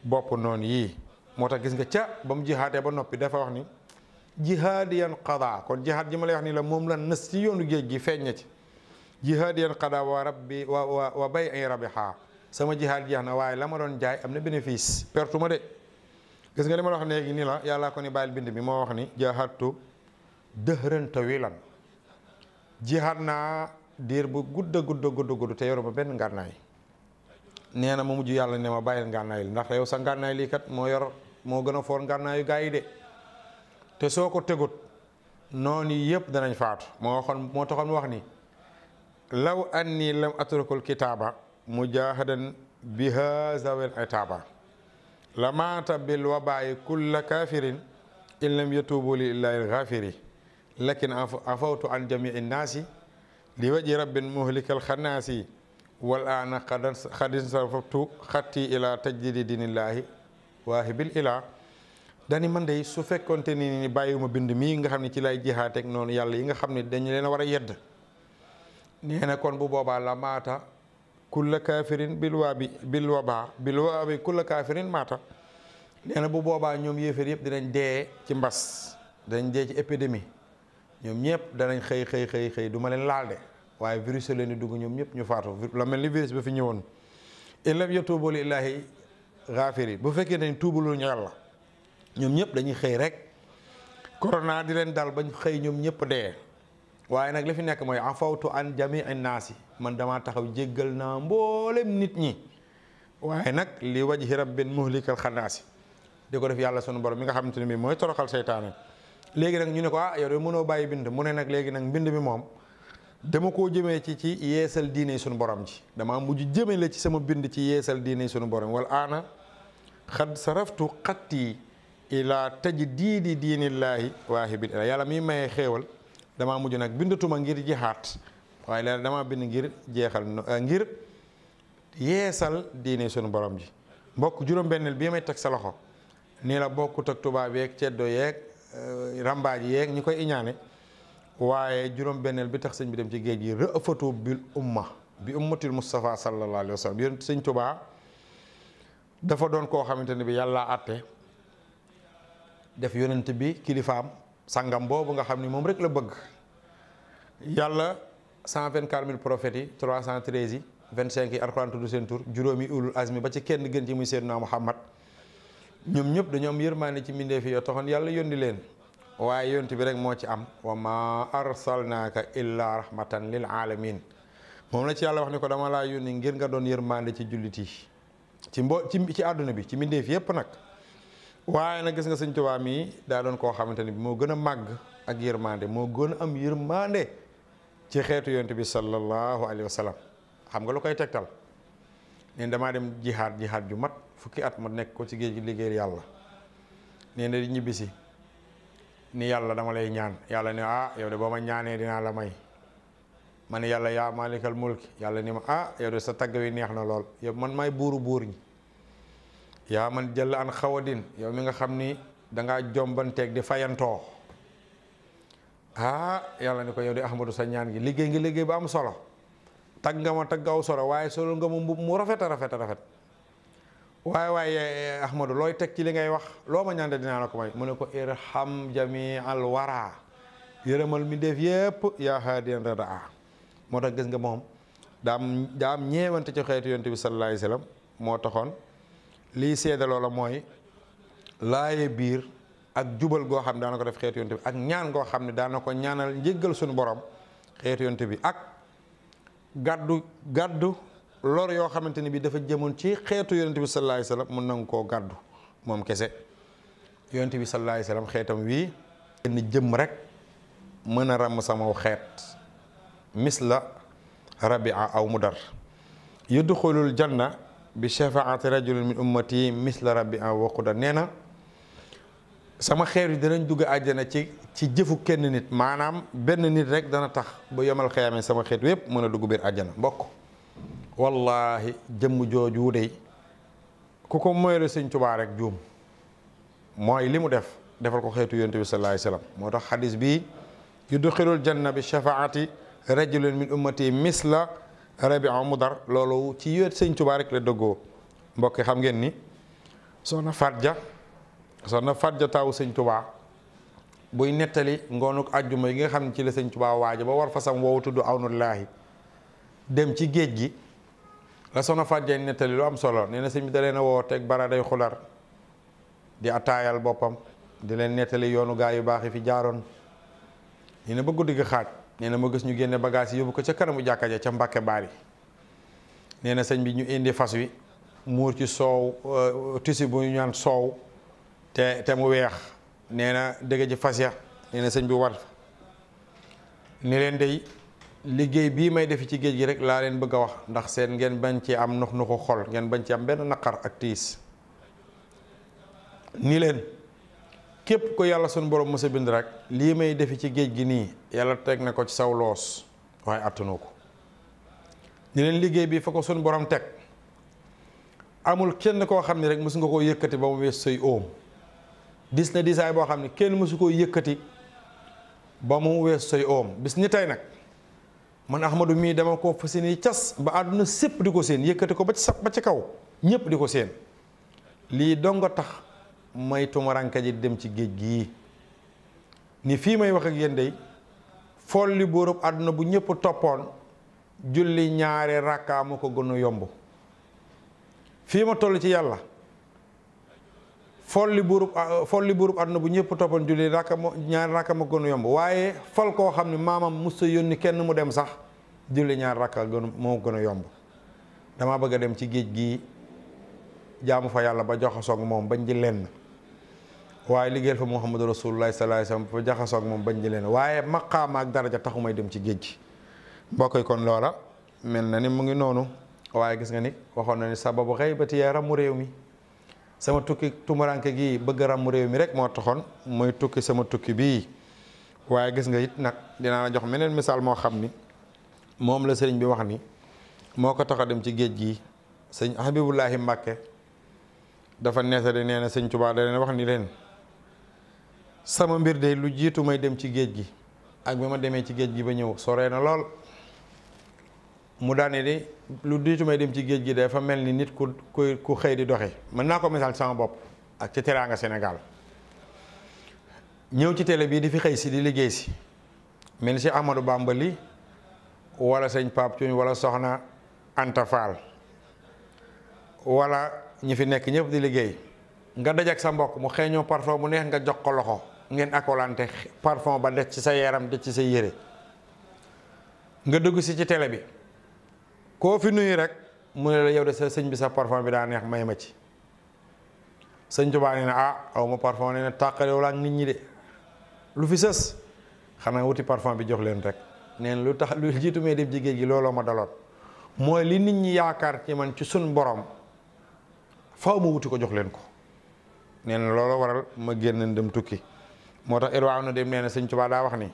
bopp noonu yii moo tax gis nga ca ba mu jihaatee ba noppi dafa wax ni jihaadiyan qadaa kon jihaad ji ma lay wax ni la moom la nës ci yoonu géej gi feeñ na ci jihaadiyan qadaa wa rabbi wa wa bay ay rabiha sama jihaad jeex na waaye la ma doon jaay am na bénéfice pertu ma de gis nga li ma la wax léegi ni la yàllaa ko ni bàyyil bind mi moo wax ni jaahadtu dëhëran tawilan jihaad naa diir bu gudd a gudd a gudd gudd te benn ngànnaay nee na ma mujj yàlla ne ma bàyyil ngànnaay li ndax yow sa ngànnaay lii kat moo yor moo gën a foor ngànnaayu gaa yi de te soo ko tegut noonu yëpp danañ faat moo waxoon moo taxoon mu wax ni law anni lam atrukul kitaaba mujahadan biha zawel itaba lamaata bil wabaayi kulla kafirin in lam yatubu li illahi alghafiri lakin afawtu an jamii nnaasi li waji rabbin muhlikal dani man de su fekkonte ni ni bàyyiwuma bind mii nga xam ne ci lay jihaateeg noonu yàlla yi nga xam ne dañu leen a war a yedd nee na kon bu boobaa la kulla kaafirin bil waa bi bil wabaa bi kulla kaafirin maata nee na bu boobaa ñoom yéeféer yëpp dinañ dee ci mbas dinañ dee ci épidémie ñoom ñëpp danañ xëy xëy xëy xëy du ma leen laal de waaye virus leen di dugg ñoom ñëpp ñu faatu la mel ni virus ba fi ñëwoon in lam yatuubu lillaahi gaafirin bu fekkee nañ tuubalul ñu yàlla ñoom ñëpp dañuy xëy rek corona di leen dal bañ xëy ñoom ñëpp dee waaye nag li fi nekk mooy afawtu an jamii naasi man damaa taxaw jéggal naa mboolem nit ñi waaye nag li wajhi rabbin muhlikal xanaasi di ko def yàlla sunu borom mi nga xamante ne bii mooy toroxal seytaane léegi nag ñu ne ko ah mënoo bàyyi bind mu ne nag léegi nag mbind mi moom dama koo jëmee ci ci yeesal diine sunu borom ji dama mujj jëme la ci sama bind ci yeesal diine sunu borom wal aana xad saraftu xatti ila tajdiidi diinillaahi waahibil yàlla mi maye xéewal damaa mujj nag bindatuma ngir jihaat waaye léegi damaa bind ngir jeexal euh, ngir yeesal diine sunu borom ji mbokk juróom-benneel bii may teg sa loxo nii la bokkut ak tubaab yeeg ceddo yeeg euh, rambaaj yeeg ñi koy iñaane waaye juróom-benneel bi tax sëñ bi dem ci géej gi rëfatu bil umma bi ummatil Mustafa sallallahu alayhi wa tubaa dafa doon koo xamante ne bi yàlla àtte def yonent bi kilifaam sangam boobu nga xam ni moom rek la bëgg yàlla cent vingt quatre mille prophètes yi trois cent treize yi vingt cinq yi alxuraan tudd seen tur juróomi ulul azmi ba ci kenn gën ci muy Seydina Muhammad ñoom ñëpp dañoo am yërmaane ci mbindeef yi yoo taxoon yàlla yónni leen waaye yonent bi rek moo ci am wa ma arsalnaaka illaa rahmatan lil alamin moom la ci yàlla wax ni ko dama laa yónni ngir nga doon yërmaande ci jullit yi ci mbo ci ci àdduna bi ci mbindeef yépp nag waaye nag gis nga sëñ Tuubaa mii daa doon koo xamante ni moo gën a màgg ak yërmande moo gën a am yërmande ci xeetu yonent bi sallallahu alayhi wa sallam xam nga lu koy tegtal neen damaa dem jihaad jihaad ju mat fukki at ma nekk ko ci géej gi liggéey yàlla nee na di ñibbisi ni yàlla dama lay ñaan yàlla ne ah yow de boo ma ñaanee dinaa la may ma ne yàlla yaa maalikal mulk yàlla ni ma ah yow de sa tagg wi neex na lool yow man maay buuru buur ñi yaa man jël an xawadin yow mi nga xam ni dangaa jombanteek di fayantoo ah yàlla ni ko yow di ahmadu sa ñaan gi liggéey ngi liggéey ba am solo tag nga ma tag aw solo waaye solo nga ma mbub mu rafet rafet rafet waaye waaye ahmadu looy teg ci li ngay wax loo ma ñaan de dinaa la ko may mu ne ko irham jami al wara yërëmal mi def yépp yaa haadiyan radaa moo tax gis nga moom daam daam ñeewante ci xeetu yonent bi sallallahu alayhi wa sallam moo taxoon lii seede loola mooy laaye biir ak jubal goo xam ne daana ko def xeetu yonte bi ak ñaan goo xam ne daana ko ñaanal njëggal suñu borom xeetu yonte bi ak gàddu gàddu lor yoo xamante ni bii dafa jëmoon ci xeetu yonte bi sallallahu alayhi wasallam mun nangu koo gàddu moom kese yonte bi sallallahu alayhi xeetam wi kenn jëm rek mën a ràmm samaw xeet misla rabia aw mudar yudxulul janna bi shafaati rajulin min ummati misla rabbi an waquda nee na sama xeer yi danañ dugg àjjana ci ci jëfu kenn nit maanaam benn nit rek dana tax ba yomal xëyamee sama xeet yépp mën a dugg biir àjjana mbokk wallahi jëmm jooju dey ku ko moyale sëñ Tuubaa rek juum mooy li mu def defal ko xeetu yonent bi sallallahu alayhi wasallam moo tax xadis bii yudxilul janna bi shafaati rajulin min ummati misla rabian mu dar loolu ci yéet sëñ Tuubaa rek la dëggoo mbokki xam ngeen ni soxna Fatja soxna Fatja taawu sëñ Tuubaa buy nettali ngoonuk àjjuma yi nga xam ne ci la sëñ Tuubaa waaja ba war fasam woowu tudd awnullaahi dem ci géej gi la soxna Fatja nettali lu am solo nee na sëñ bi da leen a wooteeg bara day xular di ataayal boppam di leen nettali yoonu gaa yu baax yi fi jaaroon ñu ne ba guddi gi xaaj nee na gis ñu génne bagage yi yóbbu ko ca kanamu jàkka ja ca Mbàkke Baari nee na sëñ bi ñu indi fas wi muur ci soow euh, tisi bu ñu ñaan soow te te mu weex nee na dëgg ji fas ya nee na sëñ bi war ni leen day liggéey bii may def ci géej gi rek laa leen bëgg a wax ndax seen ngeen bañ ci am nux nuxu xol ngeen bañ ci am benn naqar ak tiis ni leen képp ko yàlla sunu borom mu sa bind rek lii may defi ci géej gi nii yàlla teg na ko ci saw loos waaye attanoo ko ni leen liggéey bi fa ko sunu borom teg amul kenn koo xam ne rek mosu nga koo yëkkati ba mu wees say oom dis na disaay boo xam ne kenn mosu koo yëkkati ba mu wees say oom bis ni tey nag man Ahmadou mii dama ko fas yéene cas ba àdduna sépp di ko séen yëkkati ko ba ci sa ba ci kaw ñëpp di ko seen lii dong tax. may tumuranke ji dem ci géej gii ni fii may wax ak yéen day folli buurub àdduna bu ñëpp toppoon julli ñaari rakkaa mu ko yomb fii ma toll ci yàlla folli buurub folli buurub àdduna bu ñëpp toppoon julli rakka mo ñaari waaye fol koo xam ne maamam musta yónni kenn mu dem sax julli ñaari rakka gën moo a yomb dama bëgg a dem ci géej gi jaamu fa yàlla ba jox joxasoog moom bañ di lenn waaye liggéeyal fa Muhammadu Rasulullahi sallallahu alayhi wa sallam fa jaxasoo ak moom bañ di leen waaye maqaama ak daraja may dem ci géej gi mbokk yi kon loola mel na ni mu ngi noonu waaye gis nga ni waxoon na ni sababu ba yaa ràmmu réew mi sama tukki tumuranke gi bëgg ràmmu réew mi rek moo taxoon mooy tukki sama tukki bii waaye gis nga it nag dinaa la jox meneen misaal moo xam ni moom la sëriñ bi wax ni moo ko tax dem ci géej gi sëñ Habibullahi Mbàkke dafa neesale nee na sëñ Tuubaa da wax ni leen sama mbir de lu jiitu may dem ci géej gi ak bi ma demee ci géej gi ba ñëw soree na lool mu daane de lu jiitu may dem ci géej gi dafa mel ni nit ku ku ku xëy di doxe mën naa ko misaal sama bopp ak ci teraanga senegal ñëw ci tele bii di fi xëy si di liggéey si mel ni si Amadou Bambali wala sëñ Pape Thioune wala Soxna Anta Fall wala ñi fi nekk ñëpp di liggéey nga dajak sa mbokk mu xeeñoo parfum mu neex nga jox ko loxo ngeen accolante parfum ba des ci sa yaram des ci sa yére nga dugg si ci télé bi koo fi nuyu rek mu ne la yow de sa sëñ bi sa parfum bi daa neex may ma ci sëñ Tuubaa nee na ah aw ma parfum nee na tàqalewul ak nit ñi de lu fi sës xanaa wuti parfum bi jox leen rek neen lu tax lu jiitu may dem ci géej gi looloo ma daloon mooy li nit ñi yaakaar ci man ci sun borom faw ma wuti ko jox leen ko neen looloo waral ma génn dem tukki moo tax am na dem nee na sëñ Tuubaa daa wax ni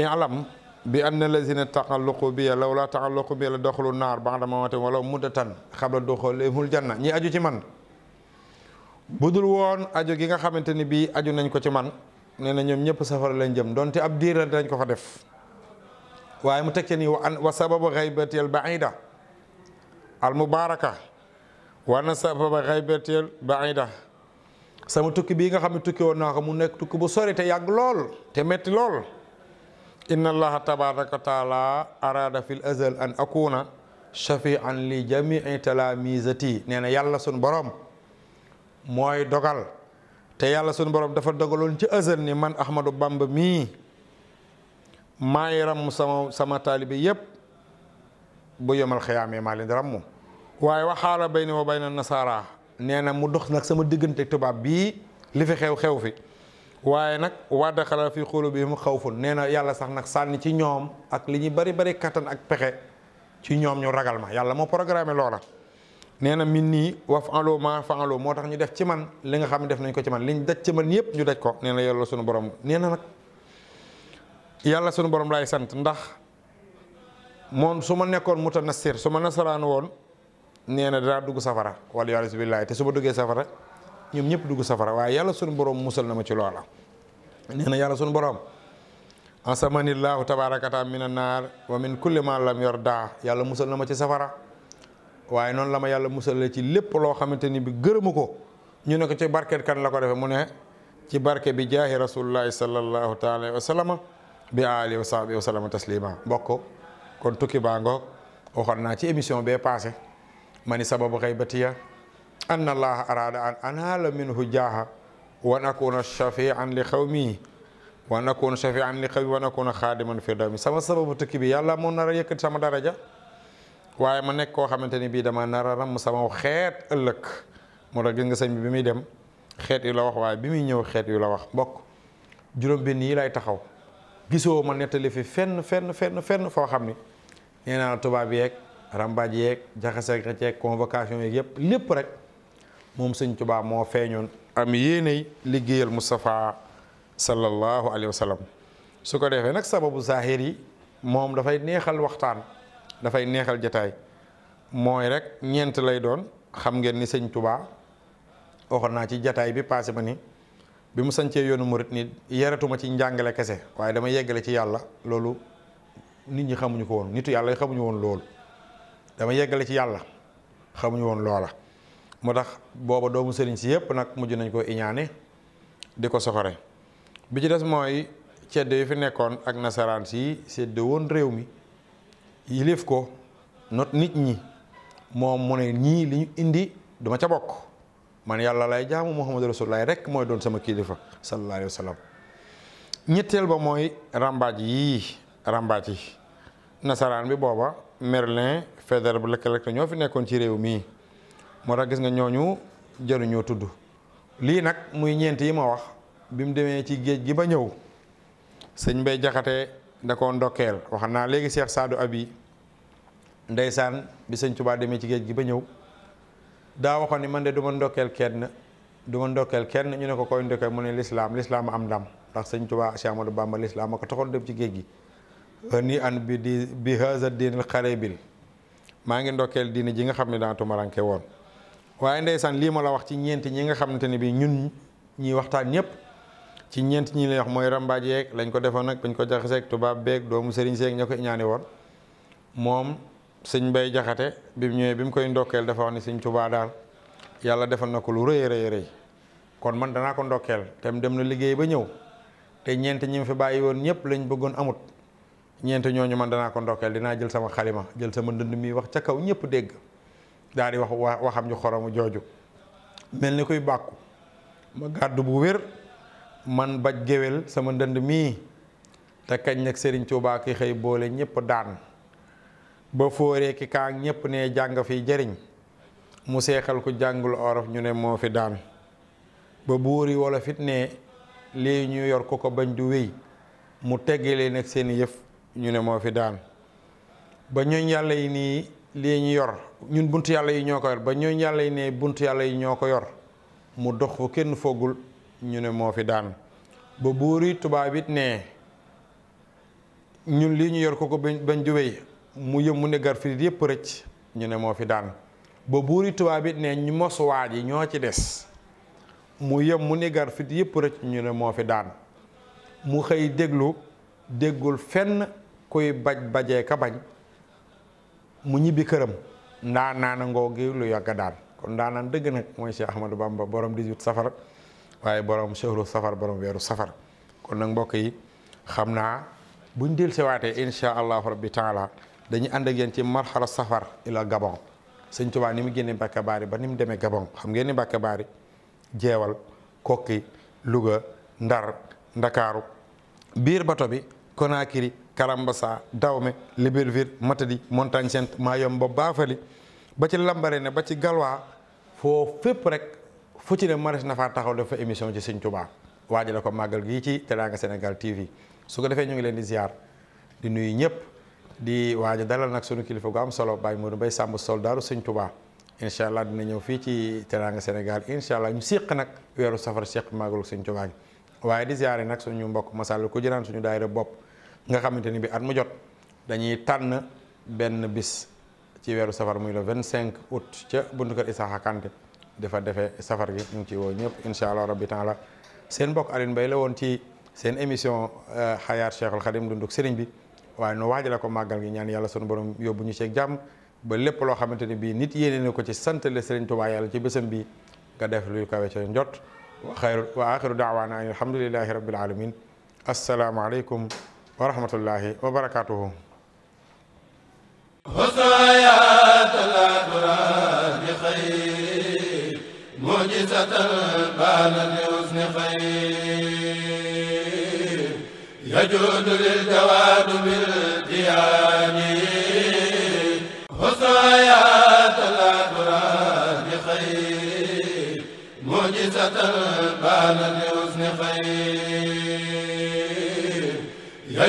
i'lam bi anna lazina taxalluqu bi law laa taxalluqu bi la doxalu naar ba'da mawti wala muddatan xabla duxulihimul janna ñi aju ci man budul woon aju gi nga xamante ni bii aju nañ ko ci man nee na ñoom ñëpp safara lañ jëm donte ab diir dañ ko fa def waaye mu teg ci ni wa sababu xaybatil baida al mubaraka wa na sababa xaybatil baida sama tukki bii nga xam ne tukki woon naa ko mu nekk tukki bu sori te yàgg lool te metti lool inna allaha tabaraka wa taala arada fil azal an akuna shafian li jamii talamisati nee na yàlla suñ borom mooy dogal te yàlla suñ borom dafa dogaloon ci azal ni man ahmadu bamba mii maay ramm sama sama taalibe yépp bu yomal xiyaamee maa leen di ramm waaye waxaala bayni wa bayna nasaara nee na mu dox nag sama diggante tubaab bii li fi xew xew fi waaye nag waa daxalal fi xóolu bi mu xaw ful nee na yàlla sax nag sànni ci ñoom ak li ñu bari bari kattan ak pexe ci ñoom ñu ragal ma yàlla moo programmé loola. nee na min nii wa fanloo ma fanloo moo tax ñu def ci man li nga xam def nañ ko ci man liñ daj ci man yëpp ñu daj ko nee na yàlla sunu borom nee na nag yàlla sunu borom laay sant ndax moom su ma nekkoon na nasir su ma nasaraan woon. nee na danaa dugg safara wala yàlla si billaahi te su ma duggee safara ñoom ñëpp dugg safara waaye yàlla sunu boroom musal na ma ci loola nee na yàlla sunu borom asamanillaahu tabaarakata mina naar wa min kulli ma lam yor daa yàlla musal na ma ci safara waaye noonu la ma yàlla musal ci lépp loo xamante ni bi gërëmu ko ñu ne ko ci barket kan la ko defee mu ne ci barke bi jaahi rasulullahi sallallahu taala wa sallama bi aalihi wa sahbihi wa sallama taslima mbokk kon tukki baa ngoog naa ci émission bee mani sababu xaybatiya anna allaha arada an anala minhu jaaha wa an akuna shafian li xawmi wa an akuna shafian li xawmi wa an akuna xaadiman fi dawmi sama sababu tukki bi yàlla moo nara a yëkkati sama daraja waaye ma nekk koo xamante ni bii dama nara a ram sama xeet ëllëg moo tax gis sëñ bi muy dem xeet yu la wax waaye bi muy ñëw xeet yu la wax bokk juróom benn yi lay taxaw gisoo ma nettali fi fenn fenn fenn foo xam ni nee naa tubaab yeeg rambaaj yeeg jaxase xeceeg convocation yeeg yëpp lépp rek moom sëñ Tuubaa moo feeñoon am yéenay liggéeyal Moustapha sallallahu alayhi wa su ko defee nag sababu zahir yi moom dafay neexal waxtaan dafay neexal jataay mooy rek ñeent lay doon xam ngeen ni sëñ tubaa waxoon naa ci jataay bi passé ma ni bi mu sancee yoonu murit ni yaratuma ci njàngale kese waaye dama yeggale ci yàlla loolu nit ñi xamuñu ko woon nit yàlla xamuñu woon loolu dama yeggale ci yàlla xamuñu woon loola moo tax booba doomu sëriñ si yépp nag mujj nañ koo iñaane di ko soxore bi ci des mooy cedd yi fi nekkoon ak nasaraan si sedd woon réew mi yilif ko not nit ñi moom mu ne ñii li ñu indi duma ca bokk man yàlla lay jaamu muhammadu rasulullah rek mooy doon sama kilifa sallallahu alayhi ñetteel ba mooy rambaaj yii rambaaj yi nasaraan bi booba Merlin fédéral bu lëkkalek ñoo fi nekkoon ci réew mii moo tax gis nga ñooñu jaruñoo tudd lii nag muy ñeent yi ma wax bi mu demee ci géej gi ba ñëw sëñ Mbay Jaxate da ko ndokkeel wax naa léegi Cheikh Sadou Abi ndeysaan bi sëñ Tuubaa demee ci géej gi ba ñëw daa waxoon ni man de du ma ndokkeel kenn du ma ndokkeel kenn ñu ne ko koy ndokkeel mu ne lislaam lislaam am ndam ndax sëñ Tuubaa Cheikh Amadou Bamba lislaam a ko taxoon dem ci géej gi ni an bi di maa ngi ndokkeel diine ji nga xam ne daa tumaranke woon waaye ndeysaan lii ma la wax ci ñeent ñi nga xamante ne bii ñun ñi waxtaan ñëpp ci ñeent ñi lay wax mooy rambaaj lañ ko defoon nag bañ ko jaxaseeg tubaab beeg doomu seeg ña ko ñaani woon moom sëñ Mbay Jaxate bi mu ñëwee bi mu koy ndokkeel dafa wax ni sëñ Tuubaa daal yàlla defal na ko lu rëy rëy rëy kon man danaa ko ndokkeel te mu dem na liggéey ba ñëw te ñeent ñi mu fi bàyyi woon ñëpp lañ bëggoon amut ñeent ñooñu man danaa ko ndokkeel dinaa jël sama xalima jël sama ndënd mi wax ca kaw ñëpp dégg daal wax waxam ju xoromu jooju mel ni kuy bàkku ma gàddu bu wér man ba géwél sama ndënd mii te kañ nag Serigne Touba ki xëy boole ñëpp daan ba fóoree ki kaang ñépp ne jàng fi jariñ mu seexal ku jàngul orof ñu ne moo fi daan ba buur yi wala fit ne lii ñu yor ko ko bañ du wéy mu teggalee nag seen yëf ñu ne moo fi daan ba ñooñ yàlla yi nii lii ñu yor ñun bunt yàlla yi ñoo ko yor ba ñooñ yàlla yi ne buntu yàlla yi ñoo ko yor mu dox ko kenn foogul ñu ne moo fi daan ba buuri tubaab it ne lii ñu yor ko ko bañ juwee mu yëm mu ne garfirit yëpp rëcc ñu ne moo fi daan ba buuri tubaab it ne ñu mos waa ji ñoo ci des mu yëm mu ne garfirit yëpp rëcc ñu ne moo fi daan mu xëy déglu déggul fenn kuy baj bajee ka bañ mu ñibbi këram ndaa naana ngoo gi lu yàgga daan kon ndaanaan dëgg nag mooy Cheikh Ahmadou Bamba borom 18 safar waaye borom shahru safar borom weeru safar kon nag mbokk yi xam naa buñ del siwaatee insha allahu rabbi taala dañuy ànd ak yéen ci marxala safar ila Gabon sëñ Tuubaa ni mu génne Mbàkke Baari ba ni mu demee Gabon xam ngeen ni Mbàkke Baari jeewal kokki Louga Ndar Ndakaaru biir bato bi Conakry Karambasa Dawme Libreville Matadi Montagne Sainte Mayomba Bafali ba ci Lambaréné ba ci Galwaa foo fépp rek fu ci ne maris na faa taxaw dafa émission ci Sëñ Tuubaa waajale ko màggal gi ci Teraanga Sénégal TV su ko defee ñu ngi leen di ziar di nuyu ñëpp di waaja dalal nag sunu kilifa gu am solo moo Modou bay Samb soldaaru Sëñ Tuubaa incha allah dina ñëw fii ci Teraanga Sénégal incha allah ñu séq nag weeru safar séq màggalu Sëñ Tuubaa gi waaye di ziare nag suñu mbokk masal ku jëraan suñu daayira bopp nga xamante ni bi at mu jot dañuy tànn benn bis ci weeru safar muy le vingt cinq août ca buntu kër Isaaxa Kanté dafa defee safar gi ñu ngi ciy woo ñëpp incha allah rabbi taala seen mbokk Alioune Mbaye la woon ci seen émission xayaat euh, Cheikhul Khadim dunduk sëriñ bi waaye nu waajale ko màggal gi ñaan yàlla sunu borom yóbbu ñu ceeg jàmm ba lépp loo xamante ni bii nit yéene na ko ci santale sëriñ Tuubaa yàlla ci bésam bi nga def luy kawe ca njot wa xayru wa axiru daawaana an alhamdulillahi rabbil alamin assalaamu aleykum wa rahmatullahi wa barakaatuhu يجود للجواد بالديان حصايات الأبرار بخير معجزة بان لحسن خير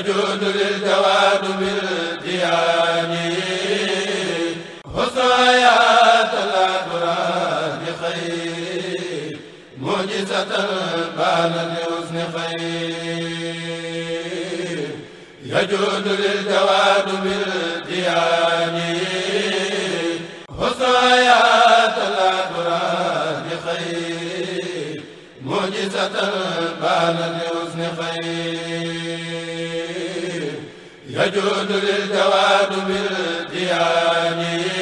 يجود للجواد بالديان حسن آيات الأبرار خير معجزة بان لحسن خير يجود للجواد بالديان حسن آيات الأبرار خير معجزة بان لحسن خير الجود للجواد بالديان